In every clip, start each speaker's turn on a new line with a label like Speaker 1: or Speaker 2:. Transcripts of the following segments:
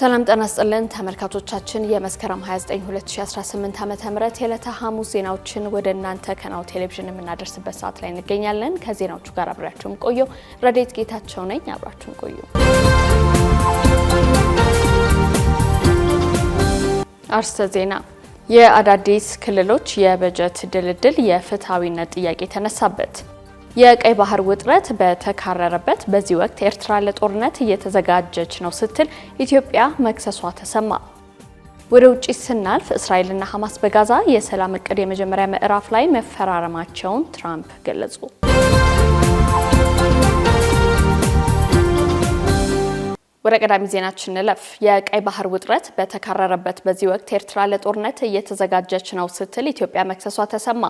Speaker 1: ሰላም ጤና ይስጥልን ተመልካቾቻችን፣ የመስከረም 29 2018 ዓ.ም የዕለተ ሐሙስ ዜናዎችን ወደ እናንተ ከናሁ ቴሌቪዥን የምናደርስበት ሰዓት ላይ እንገኛለን። ከዜናዎቹ ጋር አብሬያችሁም ቆዩ። ረዴት ጌታቸው ነኝ። አብራችሁም ቆዩ። አርስተ ዜና የአዳዲስ ክልሎች የበጀት ድልድል የፍትሐዊነት ጥያቄ ተነሳበት። የቀይ ባህር ውጥረት በተካረረበት በዚህ ወቅት ኤርትራ ለጦርነት እየተዘጋጀች ነው ስትል ኢትዮጵያ መክሰሷ ተሰማ። ወደ ውጭ ስናልፍ እስራኤልና ሐማስ በጋዛ የሰላም እቅድ የመጀመሪያ ምዕራፍ ላይ መፈራረማቸውን ትራምፕ ገለጹ። ወደ ቀዳሚ ዜናችን እንለፍ። የቀይ ባህር ውጥረት በተካረረበት በዚህ ወቅት ኤርትራ ለጦርነት እየተዘጋጀች ነው ስትል ኢትዮጵያ መክሰሷ ተሰማ።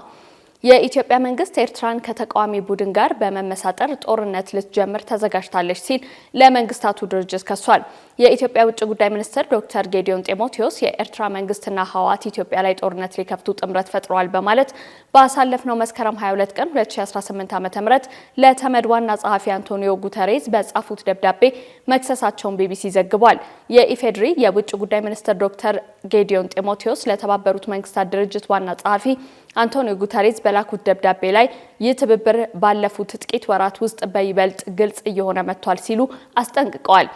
Speaker 1: የኢትዮጵያ መንግስት ኤርትራን ከተቃዋሚ ቡድን ጋር በመመሳጠር ጦርነት ልትጀምር ተዘጋጅታለች ሲል ለመንግስታቱ ድርጅት ከሷል። የኢትዮጵያ ውጭ ጉዳይ ሚኒስትር ዶክተር ጌዲዮን ጢሞቴዎስ የኤርትራ መንግስትና ህወሓት ኢትዮጵያ ላይ ጦርነት ሊከፍቱ ጥምረት ፈጥረዋል በማለት ባሳለፍነው መስከረም 22 ቀን 2018 ዓ.ም ለተመድ ዋና ጸሐፊ አንቶኒዮ ጉተሬዝ በጻፉት ደብዳቤ መክሰሳቸውን ቢቢሲ ዘግቧል። የኢፌዴሪ የውጭ ጉዳይ ሚኒስትር ዶክተር ጌዲዮን ጢሞቴዎስ ለተባበሩት መንግስታት ድርጅት ዋና ጸሐፊ አንቶኒዮ ጉተሬዝ በላኩት ደብዳቤ ላይ ይህ ትብብር ባለፉት ጥቂት ወራት ውስጥ በይበልጥ ግልጽ እየሆነ መጥቷል ሲሉ አስጠንቅቀዋል።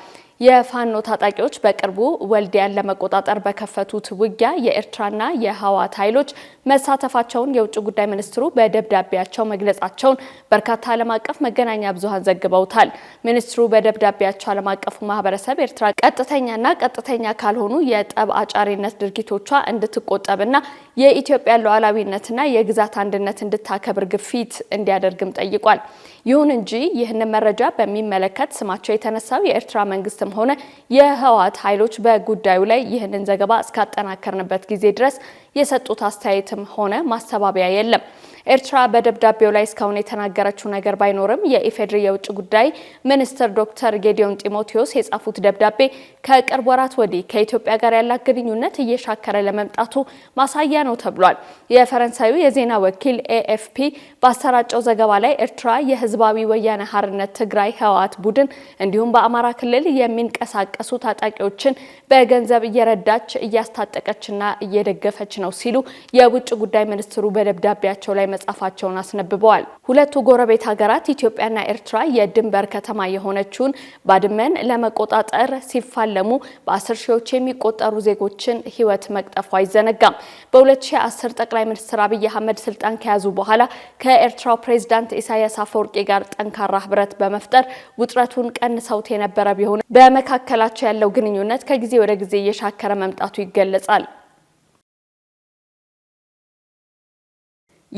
Speaker 1: የፋኖ ታጣቂዎች በቅርቡ ወልዲያን ለመቆጣጠር በከፈቱት ውጊያ የኤርትራና የህወሓት ኃይሎች መሳተፋቸውን የውጭ ጉዳይ ሚኒስትሩ በደብዳቤያቸው መግለጻቸውን በርካታ ዓለም አቀፍ መገናኛ ብዙሃን ዘግበውታል። ሚኒስትሩ በደብዳቤያቸው ዓለም አቀፉ ማህበረሰብ ኤርትራ ቀጥተኛና ቀጥተኛ ካልሆኑ የጠብ አጫሪነት ድርጊቶቿ እንድትቆጠብና የኢትዮጵያ ሉዓላዊነትና የግዛት አንድነት እንድታከብር ግፊት እንዲያደርግም ጠይቋል። ይሁን እንጂ ይህንን መረጃ በሚመለከት ስማቸው የተነሳው የኤርትራ መንግስትም ሆነ የህወሓት ኃይሎች በጉዳዩ ላይ ይህንን ዘገባ እስካጠናከርንበት ጊዜ ድረስ የሰጡት አስተያየትም ሆነ ማስተባበያ የለም። ኤርትራ በደብዳቤው ላይ እስካሁን የተናገረችው ነገር ባይኖርም የኢፌዴሪ የውጭ ጉዳይ ሚኒስትር ዶክተር ጌዲዮን ጢሞቴዎስ የጻፉት ደብዳቤ ከቅርብ ወራት ወዲህ ከኢትዮጵያ ጋር ያላት ግንኙነት እየሻከረ ለመምጣቱ ማሳያ ነው ተብሏል። የፈረንሳዩ የዜና ወኪል ኤኤፍፒ ባሰራጨው ዘገባ ላይ ኤርትራ የህዝባዊ ወያነ ሀርነት ትግራይ ህወሓት ቡድን እንዲሁም በአማራ ክልል የሚንቀሳቀሱ ታጣቂዎችን በገንዘብ እየረዳች እያስታጠቀችና እየደገፈች ነው ሲሉ የውጭ ጉዳይ ሚኒስትሩ በደብዳቤያቸው ላይ መጻፋቸውን አስነብበዋል። ሁለቱ ጎረቤት ሀገራት ኢትዮጵያና ኤርትራ የድንበር ከተማ የሆነችውን ባድመን ለመቆጣጠር ሲፋለሙ በአስር ሺዎች የሚቆጠሩ ዜጎችን ሕይወት መቅጠፉ አይዘነጋም። በ2010 ጠቅላይ ሚኒስትር አብይ አህመድ ስልጣን ከያዙ በኋላ ከኤርትራው ፕሬዚዳንት ኢሳያስ አፈወርቄ ጋር ጠንካራ ህብረት በመፍጠር ውጥረቱን ቀንሰውት የነበረ ቢሆን በመካከላቸው ያለው ግንኙነት ከጊዜ ወደ ጊዜ እየሻከረ መምጣቱ ይገለጻል።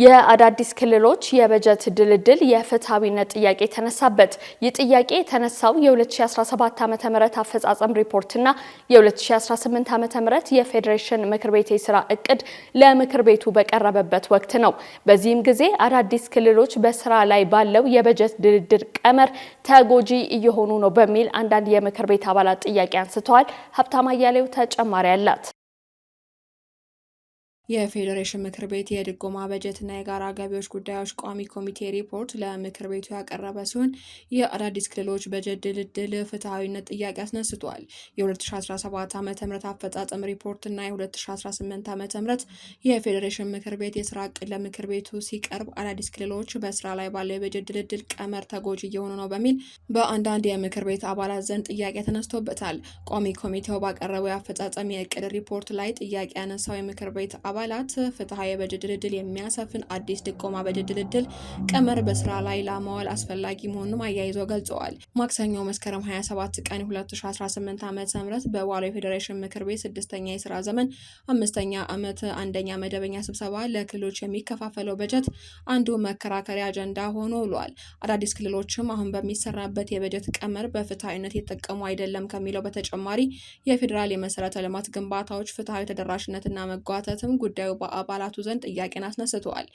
Speaker 1: የአዳዲስ ክልሎች የበጀት ድልድል የፍትሐዊነት ጥያቄ ተነሳበት። ይህ ጥያቄ የተነሳው የ2017 ዓ ም አፈጻጸም ሪፖርትና የ2018 ዓ ም የፌዴሬሽን ምክር ቤት የስራ እቅድ ለምክር ቤቱ በቀረበበት ወቅት ነው። በዚህም ጊዜ አዳዲስ ክልሎች በስራ ላይ ባለው የበጀት ድልድል ቀመር ተጎጂ እየሆኑ ነው በሚል አንዳንድ የምክር ቤት አባላት ጥያቄ አንስተዋል። ሀብታማ አያሌው ተጨማሪ አላት። የፌዴሬሽን ምክር ቤት የድጎማ በጀትና የጋራ ገቢዎች ጉዳዮች ቋሚ ኮሚቴ ሪፖርት ለምክር ቤቱ ያቀረበ ሲሆን የአዳዲስ ክልሎች በጀት ድልድል ፍትሐዊነት ጥያቄ አስነስቷል። የ2017 ዓ ም አፈጻጸም ሪፖርትና የ2018 ዓ ም የፌዴሬሽን ምክር ቤት የስራ ዕቅድ ለምክር ቤቱ ሲቀርብ አዳዲስ ክልሎች በስራ ላይ ባለው የበጀት ድልድል ቀመር ተጎጂ እየሆኑ ነው በሚል በአንዳንድ የምክር ቤት አባላት ዘንድ ጥያቄ ተነስቶበታል። ቋሚ ኮሚቴው ባቀረበው የአፈጻጸም የእቅድ ሪፖርት ላይ ጥያቄ ያነሳው የምክር ቤት አባላት ፍትሐዊ የበጀት ድልድል የሚያሰፍን አዲስ ድጎማ በጀት ድልድል ቀመር በስራ ላይ ለማዋል አስፈላጊ መሆኑንም አያይዘው ገልጸዋል። ማክሰኞ መስከረም 27 ቀን 2018 ዓ ም በዋለው የፌዴሬሽን ምክር ቤት ስድስተኛ የስራ ዘመን አምስተኛ ዓመት አንደኛ መደበኛ ስብሰባ ለክልሎች የሚከፋፈለው በጀት አንዱ መከራከሪያ አጀንዳ ሆኖ ውሏል። አዳዲስ ክልሎችም አሁን በሚሰራበት የበጀት ቀመር በፍትሐዊነት የተጠቀሙ አይደለም ከሚለው በተጨማሪ የፌዴራል የመሰረተ ልማት ግንባታዎች ፍትሐዊ ተደራሽነትና መጓተትም ጉዳዩ በአባላቱ ዘንድ ጥያቄን አስነስተዋል።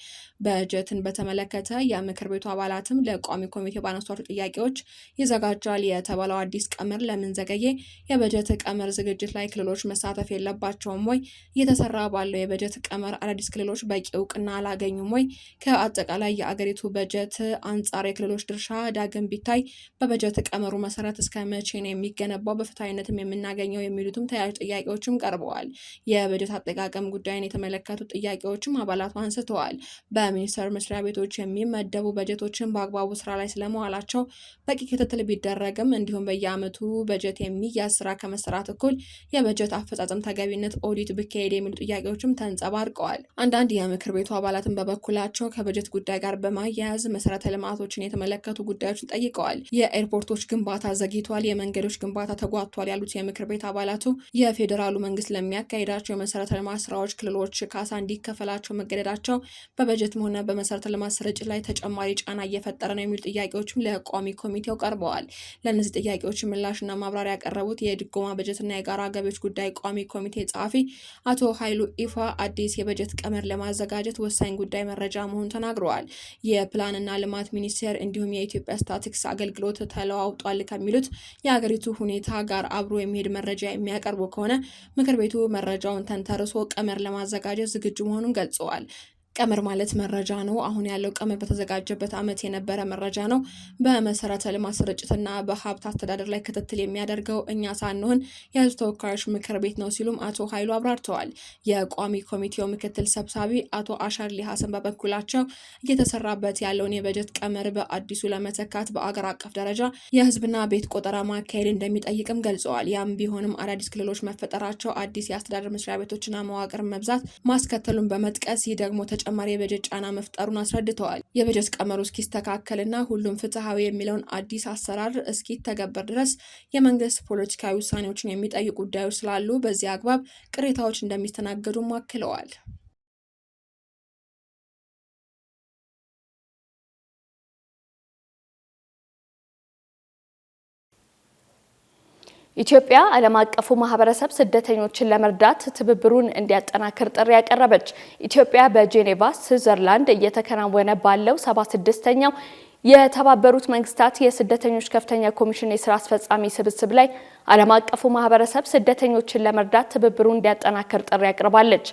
Speaker 1: በጀትን በተመለከተ የምክር ቤቱ አባላትም ለቋሚ ኮሚቴ ባነሷቸው ጥያቄዎች ይዘጋጃል የተባለው አዲስ ቀመር ለምን ዘገየ? የበጀት ቀመር ዝግጅት ላይ ክልሎች መሳተፍ የለባቸውም ወይ? እየተሰራ ባለው የበጀት ቀመር አዳዲስ ክልሎች በቂ እውቅና አላገኙም ወይ? ከአጠቃላይ የአገሪቱ በጀት አንጻር የክልሎች ድርሻ ዳግም ቢታይ በበጀት ቀመሩ መሰረት እስከ መቼ ነው የሚገነባው? በፍትሐዊነትም የምናገኘው የሚሉትም ተያያዥ ጥያቄዎችም ቀርበዋል። የበጀት አጠቃቀም ጉዳይን የተመለከቱ ጥያቄዎችም አባላቱ አንስተዋል። በሚኒስቴር መስሪያ ቤቶች የሚመደቡ በጀቶችን በአግባቡ ስራ ላይ ስለመዋላቸው በቂ ክትትል ቢደረግም እንዲሁም በየዓመቱ በጀት የሚያዝ ስራ ከመሰራት እኩል የበጀት አፈጻጸም ተገቢነት ኦዲት ብካሄድ የሚሉ ጥያቄዎችም ተንጸባርቀዋል። አንዳንድ የምክር ቤቱ አባላትን በበኩላቸው ከበጀት ጉዳይ ጋር በማያያዝ መሰረተ ልማቶችን የተመለከቱ ጉዳዮችን ጠይቀዋል። የኤርፖርቶች ግንባታ ዘግይቷል፣ የመንገዶች ግንባታ ተጓቷል ያሉት የምክር ቤት አባላቱ የፌዴራሉ መንግስት ለሚያካሄዳቸው የመሰረተ ልማት ስራዎች ክልሎች ባለሙያዎች ካሳ እንዲከፈላቸው መገደዳቸው በበጀትም ሆነ በመሰረተ ልማት ስርጭት ላይ ተጨማሪ ጫና እየፈጠረ ነው የሚሉ ጥያቄዎችም ለቋሚ ኮሚቴው ቀርበዋል። ለእነዚህ ጥያቄዎች ምላሽና ማብራሪያ ያቀረቡት የድጎማ በጀትና የጋራ ገቢዎች ጉዳይ ቋሚ ኮሚቴ ጸሐፊ አቶ ኃይሉ ኢፋ አዲስ የበጀት ቀመር ለማዘጋጀት ወሳኝ ጉዳይ መረጃ መሆኑን ተናግረዋል። የፕላንና ልማት ሚኒስቴር እንዲሁም የኢትዮጵያ ስታቲክስ አገልግሎት ተለዋውጧል ከሚሉት የሀገሪቱ ሁኔታ ጋር አብሮ የሚሄድ መረጃ የሚያቀርቡ ከሆነ ምክር ቤቱ መረጃውን ተንተርሶ ቀመር ለማዘጋጀት ለመዘጋጀት ዝግጁ መሆኑን ገልጸዋል። ቀመር ማለት መረጃ ነው። አሁን ያለው ቀመር በተዘጋጀበት ዓመት የነበረ መረጃ ነው። በመሰረተ ልማት ስርጭትና በሀብት አስተዳደር ላይ ክትትል የሚያደርገው እኛ ሳንሆን የህዝብ ተወካዮች ምክር ቤት ነው ሲሉም አቶ ኃይሉ አብራርተዋል። የቋሚ ኮሚቴው ምክትል ሰብሳቢ አቶ አሻርሊ ሀሰን በበኩላቸው እየተሰራበት ያለውን የበጀት ቀመር በአዲሱ ለመተካት በአገር አቀፍ ደረጃ የህዝብና ቤት ቆጠራ ማካሄድ እንደሚጠይቅም ገልጸዋል። ያም ቢሆንም አዳዲስ ክልሎች መፈጠራቸው አዲስ የአስተዳደር መስሪያ ቤቶችና መዋቅር መብዛት ማስከተሉን በመጥቀስ ይህ ደግሞ ተጨማሪ የበጀት ጫና መፍጠሩን አስረድተዋል። የበጀት ቀመሩ እስኪስተካከልና ሁሉም ፍትሐዊ የሚለውን አዲስ አሰራር እስኪተገበር ድረስ የመንግስት ፖለቲካዊ ውሳኔዎችን የሚጠይቁ ጉዳዮች ስላሉ በዚህ አግባብ ቅሬታዎች እንደሚስተናገዱም አክለዋል። ኢትዮጵያ ዓለም አቀፉ ማህበረሰብ ስደተኞችን ለመርዳት ትብብሩን እንዲያጠናክር ጥሪ ያቀረበች። ኢትዮጵያ በጄኔቫ ስዊዘርላንድ እየተከናወነ ባለው ሰባ ስድስተኛው የተባበሩት መንግስታት የስደተኞች ከፍተኛ ኮሚሽን የስራ አስፈጻሚ ስብስብ ላይ ዓለም አቀፉ ማህበረሰብ ስደተኞችን ለመርዳት ትብብሩን እንዲያጠናክር ጥሪ አቅርባለች።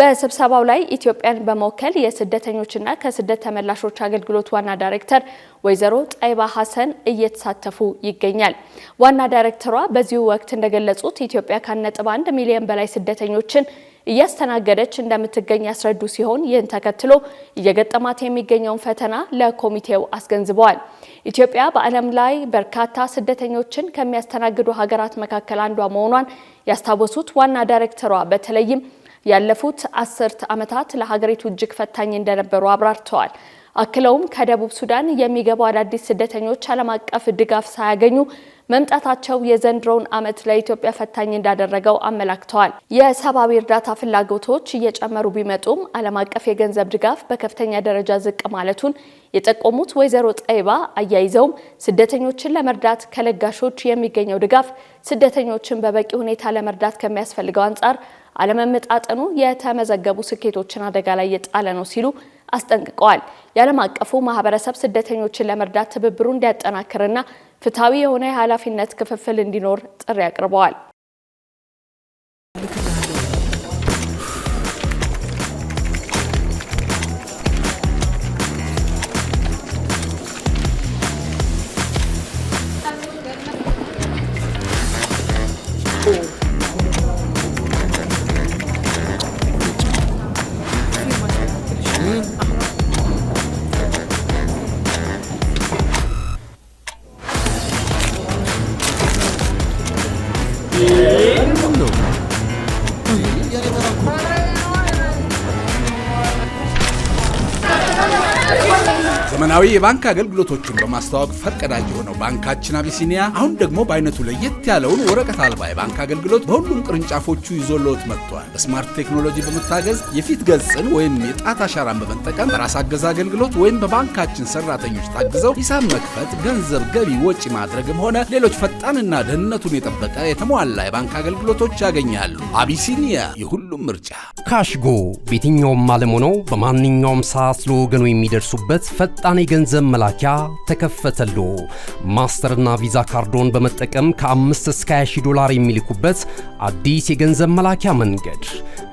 Speaker 1: በስብሰባው ላይ ኢትዮጵያን በመወከል የስደተኞችና ከስደት ተመላሾች አገልግሎት ዋና ዳይሬክተር ወይዘሮ ጣይባ ሀሰን እየተሳተፉ ይገኛል። ዋና ዳይሬክተሯ በዚሁ ወቅት እንደገለጹት ኢትዮጵያ ከአንድ 1 አንድ ሚሊዮን በላይ ስደተኞችን እያስተናገደች እንደምትገኝ ያስረዱ ሲሆን ይህን ተከትሎ እየገጠማት የሚገኘውን ፈተና ለኮሚቴው አስገንዝበዋል። ኢትዮጵያ በዓለም ላይ በርካታ ስደተኞችን ከሚያስተናግዱ ሀገራት መካከል አንዷ መሆኗን ያስታወሱት ዋና ዳይሬክተሯ በተለይም ያለፉት አስርት ዓመታት ለሀገሪቱ እጅግ ፈታኝ እንደነበሩ አብራርተዋል። አክለውም ከደቡብ ሱዳን የሚገቡ አዳዲስ ስደተኞች ዓለም አቀፍ ድጋፍ ሳያገኙ መምጣታቸው የዘንድሮውን ዓመት ለኢትዮጵያ ፈታኝ እንዳደረገው አመላክተዋል። የሰብአዊ እርዳታ ፍላጎቶች እየጨመሩ ቢመጡም ዓለም አቀፍ የገንዘብ ድጋፍ በከፍተኛ ደረጃ ዝቅ ማለቱን የጠቆሙት ወይዘሮ ጠይባ አያይዘውም ስደተኞችን ለመርዳት ከለጋሾች የሚገኘው ድጋፍ ስደተኞችን በበቂ ሁኔታ ለመርዳት ከሚያስፈልገው አንጻር አለመመጣጠኑ የተመዘገቡ ስኬቶችን አደጋ ላይ የጣለ ነው ሲሉ አስጠንቅቀዋል። የዓለም አቀፉ ማህበረሰብ ስደተኞችን ለመርዳት ትብብሩ እንዲያጠናክርና ፍትሐዊ የሆነ የኃላፊነት ክፍፍል እንዲኖር ጥሪ አቅርበዋል።
Speaker 2: ዘመናዊ የባንክ አገልግሎቶችን በማስተዋወቅ ፈርቀዳጅ የሆነው ባንካችን አቢሲኒያ አሁን ደግሞ በአይነቱ ለየት ያለውን ወረቀት አልባ የባንክ አገልግሎት በሁሉም ቅርንጫፎቹ ይዞልዎት መጥቷል። በስማርት ቴክኖሎጂ በመታገዝ የፊት ገጽን ወይም የጣት አሻራን በመጠቀም በራስ አገዝ አገልግሎት ወይም በባንካችን ሰራተኞች ታግዘው ሂሳብ መክፈት፣ ገንዘብ ገቢ ወጪ ማድረግም ሆነ ሌሎች ፈጣንና ደህንነቱን የጠበቀ የተሟላ የባንክ አገልግሎቶች ያገኛሉ። አቢሲኒያ ሁሉም ምርጫ ካሽጎ በየትኛውም ዓለም ሆነው በማንኛውም ሰዓት ለወገኑ የሚደርሱበት ፈጣን የገንዘብ መላኪያ ተከፈተሉ። ማስተርና ቪዛ ካርዶን በመጠቀም ከ5 እስከ 20 ዶላር የሚልኩበት አዲስ የገንዘብ መላኪያ መንገድ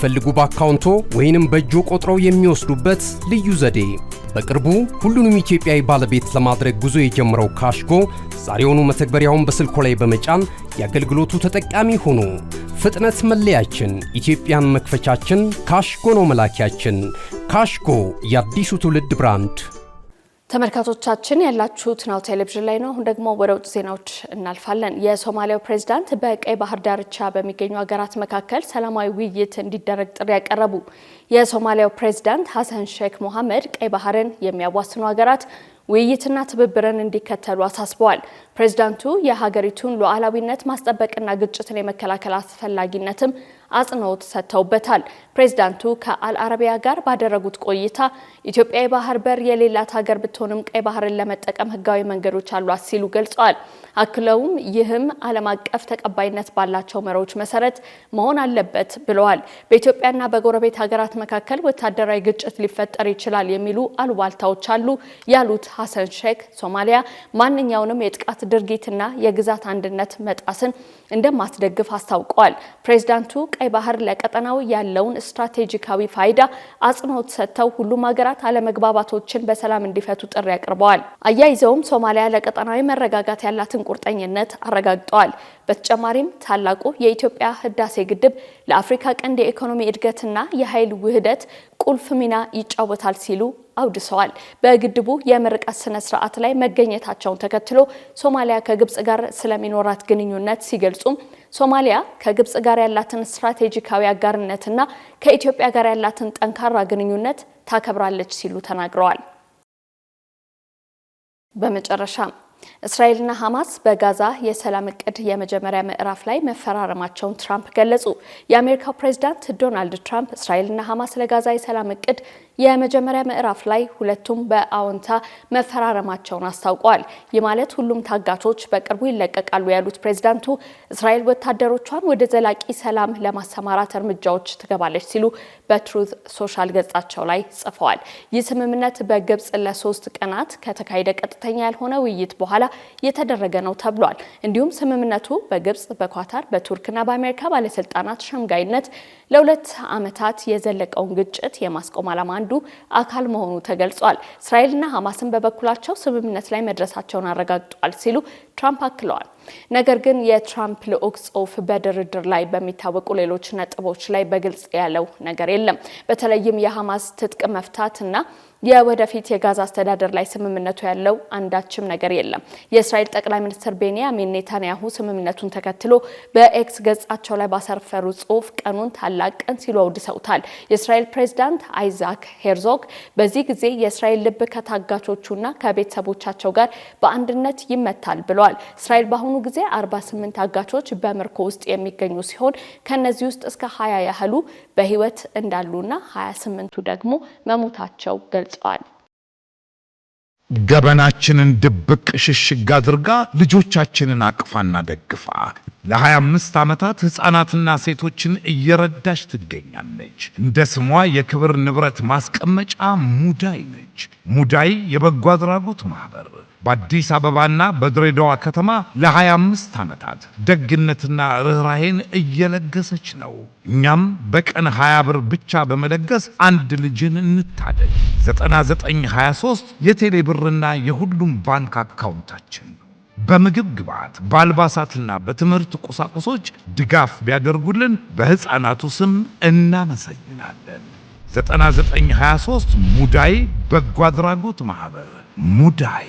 Speaker 2: ሳይፈልጉ በአካውንቶ ወይንም በእጆ ቆጥረው የሚወስዱበት ልዩ ዘዴ። በቅርቡ ሁሉንም ኢትዮጵያዊ ባለቤት ለማድረግ ጉዞ የጀመረው ካሽጎ ዛሬውኑ መተግበሪያውን በስልኮ ላይ በመጫን የአገልግሎቱ ተጠቃሚ ሁኑ። ፍጥነት መለያችን፣ ኢትዮጵያን መክፈቻችን፣ ካሽጎ ነው መላኪያችን። ካሽጎ የአዲሱ ትውልድ ብራንድ
Speaker 1: ተመልካቾቻችን ያላችሁት ናሁ ቴሌቪዥን ላይ ነው። አሁን ደግሞ ወደ ውጭ ዜናዎች እናልፋለን። የሶማሊያው ፕሬዚዳንት በቀይ ባህር ዳርቻ በሚገኙ ሀገራት መካከል ሰላማዊ ውይይት እንዲደረግ ጥሪ ያቀረቡ። የሶማሊያው ፕሬዚዳንት ሀሰን ሼክ ሞሐመድ ቀይ ባህርን የሚያዋስኑ ሀገራት ውይይትና ትብብርን እንዲከተሉ አሳስበዋል። ፕሬዚዳንቱ የሀገሪቱን ሉዓላዊነት ማስጠበቅና ግጭትን የመከላከል አስፈላጊነትም አጽንኦት ሰጥተውበታል። ፕሬዚዳንቱ ከአልአረቢያ ጋር ባደረጉት ቆይታ ኢትዮጵያ የባህር በር የሌላት ሀገር ብትሆንም ቀይ ባህርን ለመጠቀም ሕጋዊ መንገዶች አሏት ሲሉ ገልጸዋል። አክለውም ይህም ዓለም አቀፍ ተቀባይነት ባላቸው መሪዎች መሰረት መሆን አለበት ብለዋል። በኢትዮጵያና በጎረቤት ሀገራት መካከል ወታደራዊ ግጭት ሊፈጠር ይችላል የሚሉ አሉባልታዎች አሉ ያሉት ሀሰን ሼክ ሶማሊያ ማንኛውንም የጥቃት ድርጊትና የግዛት አንድነት መጣስን እንደማትደግፍ አስታውቀዋል። ፕሬዚዳንቱ ቀይ ባህር ለቀጠናው ያለውን ስትራቴጂካዊ ፋይዳ አጽንኦት ሰጥተው ሁሉም ሀገራት አለመግባባቶችን በሰላም እንዲፈቱ ጥሪ አቅርበዋል። አያይዘውም ሶማሊያ ለቀጠናዊ መረጋጋት ያላትን ቁርጠኝነት አረጋግጠዋል። በተጨማሪም ታላቁ የኢትዮጵያ ህዳሴ ግድብ ለአፍሪካ ቀንድ የኢኮኖሚ እድገትና የኃይል ውህደት ቁልፍ ሚና ይጫወታል ሲሉ አውድሰዋል። በግድቡ የምርቀት ስነ ስርዓት ላይ መገኘታቸውን ተከትሎ ሶማሊያ ከግብጽ ጋር ስለሚኖራት ግንኙነት ሲገልጹም ሶማሊያ ከግብጽ ጋር ያላትን ስትራቴጂካዊ አጋርነትና ከኢትዮጵያ ጋር ያላትን ጠንካራ ግንኙነት ታከብራለች ሲሉ ተናግረዋል። በመጨረሻም እስራኤልና ሐማስ በጋዛ የሰላም እቅድ የመጀመሪያ ምዕራፍ ላይ መፈራረማቸውን ትራምፕ ገለጹ። የአሜሪካው ፕሬዚዳንት ዶናልድ ትራምፕ እስራኤልና ሐማስ ለጋዛ የሰላም እቅድ የመጀመሪያ ምዕራፍ ላይ ሁለቱም በአዎንታ መፈራረማቸውን አስታውቀዋል። ይህ ማለት ሁሉም ታጋቾች በቅርቡ ይለቀቃሉ ያሉት ፕሬዚዳንቱ እስራኤል ወታደሮቿን ወደ ዘላቂ ሰላም ለማሰማራት እርምጃዎች ትገባለች ሲሉ በትሩዝ ሶሻል ገጻቸው ላይ ጽፈዋል። ይህ ስምምነት በግብጽ ለሶስት ቀናት ከተካሄደ ቀጥተኛ ያልሆነ ውይይት በኋላ በኋላ የተደረገ ነው ተብሏል። እንዲሁም ስምምነቱ በግብጽ በኳታር በቱርክና በአሜሪካ ባለስልጣናት ሸምጋይነት ለሁለት ዓመታት የዘለቀውን ግጭት የማስቆም ዓላማ አንዱ አካል መሆኑ ተገልጿል። እስራኤልና ሐማስን በበኩላቸው ስምምነት ላይ መድረሳቸውን አረጋግጧል ሲሉ ትራምፕ አክለዋል። ነገር ግን የትራምፕ ልዑክ ጽሁፍ በድርድር ላይ በሚታወቁ ሌሎች ነጥቦች ላይ በግልጽ ያለው ነገር የለም። በተለይም የሐማስ ትጥቅ መፍታት እና የወደፊት የጋዛ አስተዳደር ላይ ስምምነቱ ያለው አንዳችም ነገር የለም። የእስራኤል ጠቅላይ ሚኒስትር ቤንያሚን ኔታንያሁ ስምምነቱን ተከትሎ በኤክስ ገጻቸው ላይ ባሰፈሩ ጽሁፍ ቀኑን ታላቅ ቀን ሲሉ አውድሰውታል። የእስራኤል ፕሬዚዳንት አይዛክ ሄርዞግ በዚህ ጊዜ የእስራኤል ልብ ከታጋቾቹና ከቤተሰቦቻቸው ጋር በአንድነት ይመታል ብለዋል። ተገልጿል። እስራኤል በአሁኑ ጊዜ 48 አጋቾች በምርኮ ውስጥ የሚገኙ ሲሆን ከነዚህ ውስጥ እስከ 20 ያህሉ በህይወት እንዳሉና 28ቱ ደግሞ መሞታቸው ገልጸዋል።
Speaker 3: ገበናችንን ድብቅ ሽሽግ አድርጋ ልጆቻችንን አቅፋና ደግፋ ለ25 ዓመታት ሕፃናትና ሴቶችን እየረዳች ትገኛለች። እንደ ስሟ የክብር ንብረት ማስቀመጫ ሙዳይ ነች። ድርጅቶች ሙዳይ የበጎ አድራጎት ማህበር በአዲስ አበባና በድሬዳዋ ከተማ ለ25 ዓመታት ደግነትና ርኅራሄን እየለገሰች ነው። እኛም በቀን 20 ብር ብቻ በመለገስ አንድ ልጅን እንታደግ። 9923 የቴሌ ብርና የሁሉም ባንክ አካውንታችን በምግብ ግብዓት በአልባሳትና በትምህርት ቁሳቁሶች ድጋፍ ቢያደርጉልን በሕፃናቱ ስም እናመሰግናለን። 9923 ሙዳይ በጎ አድራጎት ማህበር ሙዳይ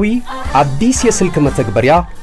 Speaker 3: አዲስ የስልክ መተግበሪያ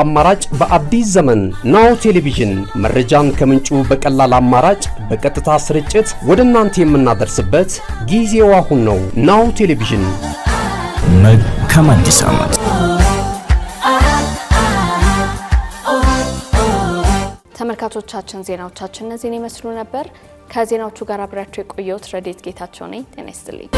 Speaker 3: አማራጭ በአዲስ ዘመን ናው ቴሌቪዥን መረጃን ከምንጩ በቀላል አማራጭ በቀጥታ ስርጭት ወደ እናንተ የምናደርስበት ጊዜው አሁን ነው። ናው ቴሌቪዥን መልካም አዲስ ዓመት።
Speaker 1: ተመልካቾቻችን ዜናዎቻችን እነዚህን ይመስሉ ነበር። ከዜናዎቹ ጋር አብሬያቸው የቆየሁት ረዴት ጌታቸው ነኝ። ጤና ይስጥልኝ።